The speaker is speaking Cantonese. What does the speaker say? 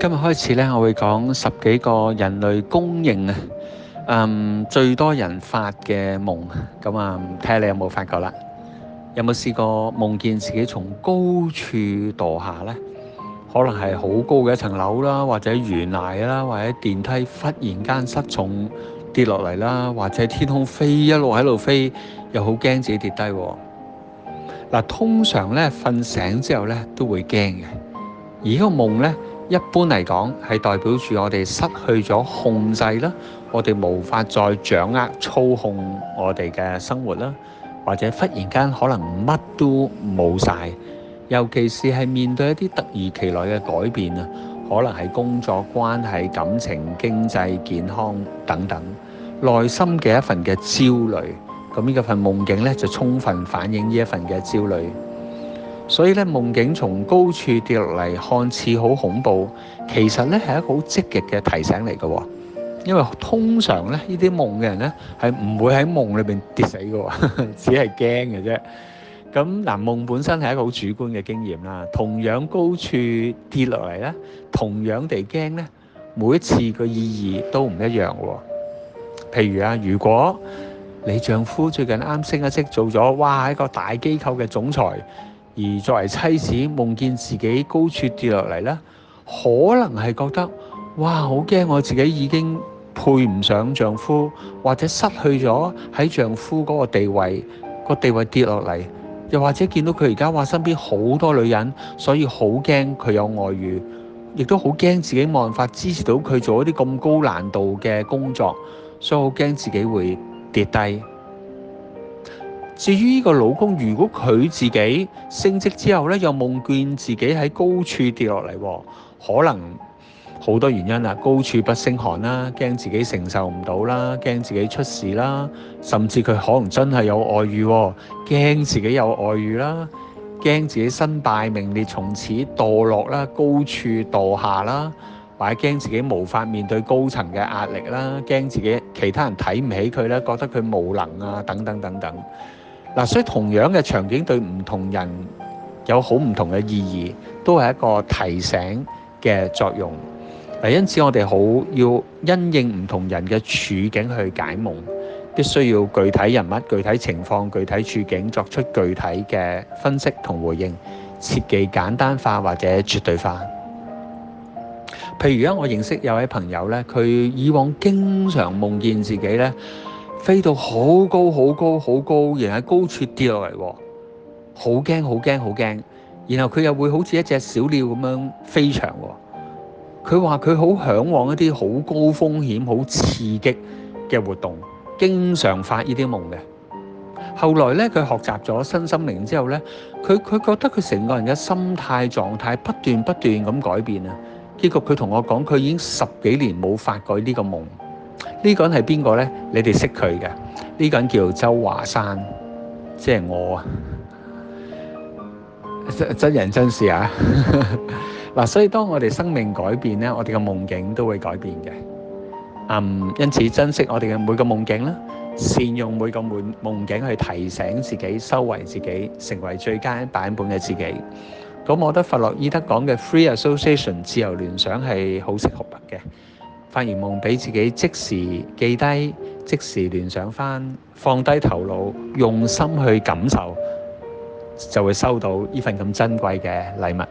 今日開始咧，我會講十幾個人類公認啊，嗯，最多人發嘅夢咁啊，睇、嗯、下你有冇發覺啦。有冇試過夢見自己從高處墮下呢？可能係好高嘅一層樓啦，或者懸崖啦，或者電梯忽然間失重跌落嚟啦，或者天空飛一路喺度飛，又好驚自己跌低喎。嗱，通常呢，瞓醒之後呢，都會驚嘅，而個夢呢。一般嚟講，係代表住我哋失去咗控制啦，我哋無法再掌握操控我哋嘅生活啦，或者忽然間可能乜都冇晒，尤其是係面對一啲突如其來嘅改變啊，可能係工作關係、感情、經濟、健康等等，內心嘅一份嘅焦慮，咁呢個份夢境呢，就充分反映呢一份嘅焦慮。所以咧，夢境從高處跌落嚟，看似好恐怖，其實咧係一個好積極嘅提醒嚟嘅喎。因為通常咧，呢啲夢嘅人咧係唔會喺夢裏邊跌死㗎喎，只係驚嘅啫。咁嗱，夢本身係一個好主觀嘅經驗啦。同樣高處跌落嚟咧，同樣地驚咧，每一次嘅意義都唔一樣喎。譬如啊，如果你丈夫最近啱升一職，做咗哇一個大機構嘅總裁。而作為妻子，夢見自己高處跌落嚟呢，可能係覺得哇，好驚我自己已經配唔上丈夫，或者失去咗喺丈夫嗰個地位，個地位跌落嚟，又或者見到佢而家話身邊好多女人，所以好驚佢有外遇，亦都好驚自己冇辦法支持到佢做一啲咁高難度嘅工作，所以好驚自己會跌低。至於呢個老公，如果佢自己升職之後咧，又夢見自己喺高處跌落嚟，可能好多原因啦。高處不勝寒啦，驚自己承受唔到啦，驚自己出事啦，甚至佢可能真係有外遇，驚自己有外遇啦，驚自己身敗名裂，從此墮落啦，高處墮下啦，或者驚自己無法面對高層嘅壓力啦，驚自己其他人睇唔起佢啦，覺得佢無能啊，等等等等。嗱，所以同樣嘅場景對唔同人有好唔同嘅意義，都係一個提醒嘅作用。嗱，因此我哋好要因應唔同人嘅處境去解夢，必須要具體人物、具體情況、具體處境作出具體嘅分析同回應，切忌簡單化或者絕對化。譬如咧，我認識有位朋友咧，佢以往經常夢見自己咧，飛到好高好高好高，然後高處跌落嚟，好驚好驚好驚。然後佢又會好似一隻小鳥咁樣飛翔喎。佢話佢好向往一啲好高風險、好刺激嘅活動，經常發呢啲夢嘅。後來呢，佢學習咗身心靈之後呢，佢佢覺得佢成個人嘅心態狀態不斷不斷咁改變啊。結果佢同我講，佢已經十幾年冇發過呢個夢。呢個人係邊個呢？你哋識佢嘅？呢、呢個人叫周華山，即係我啊！真人真事啊！嗱， 所以當我哋生命改變咧，我哋嘅夢境都會改變嘅。嗯，因此珍惜我哋嘅每個夢境啦，善用每個夢夢境去提醒自己、收穫自己、成為最佳版本嘅自己。咁，我覺得弗洛伊德講嘅 free association 自由聯想係好適合嘅。發現夢畀自己即時記低，即時聯想返，放低頭腦，用心去感受，就會收到呢份咁珍貴嘅禮物。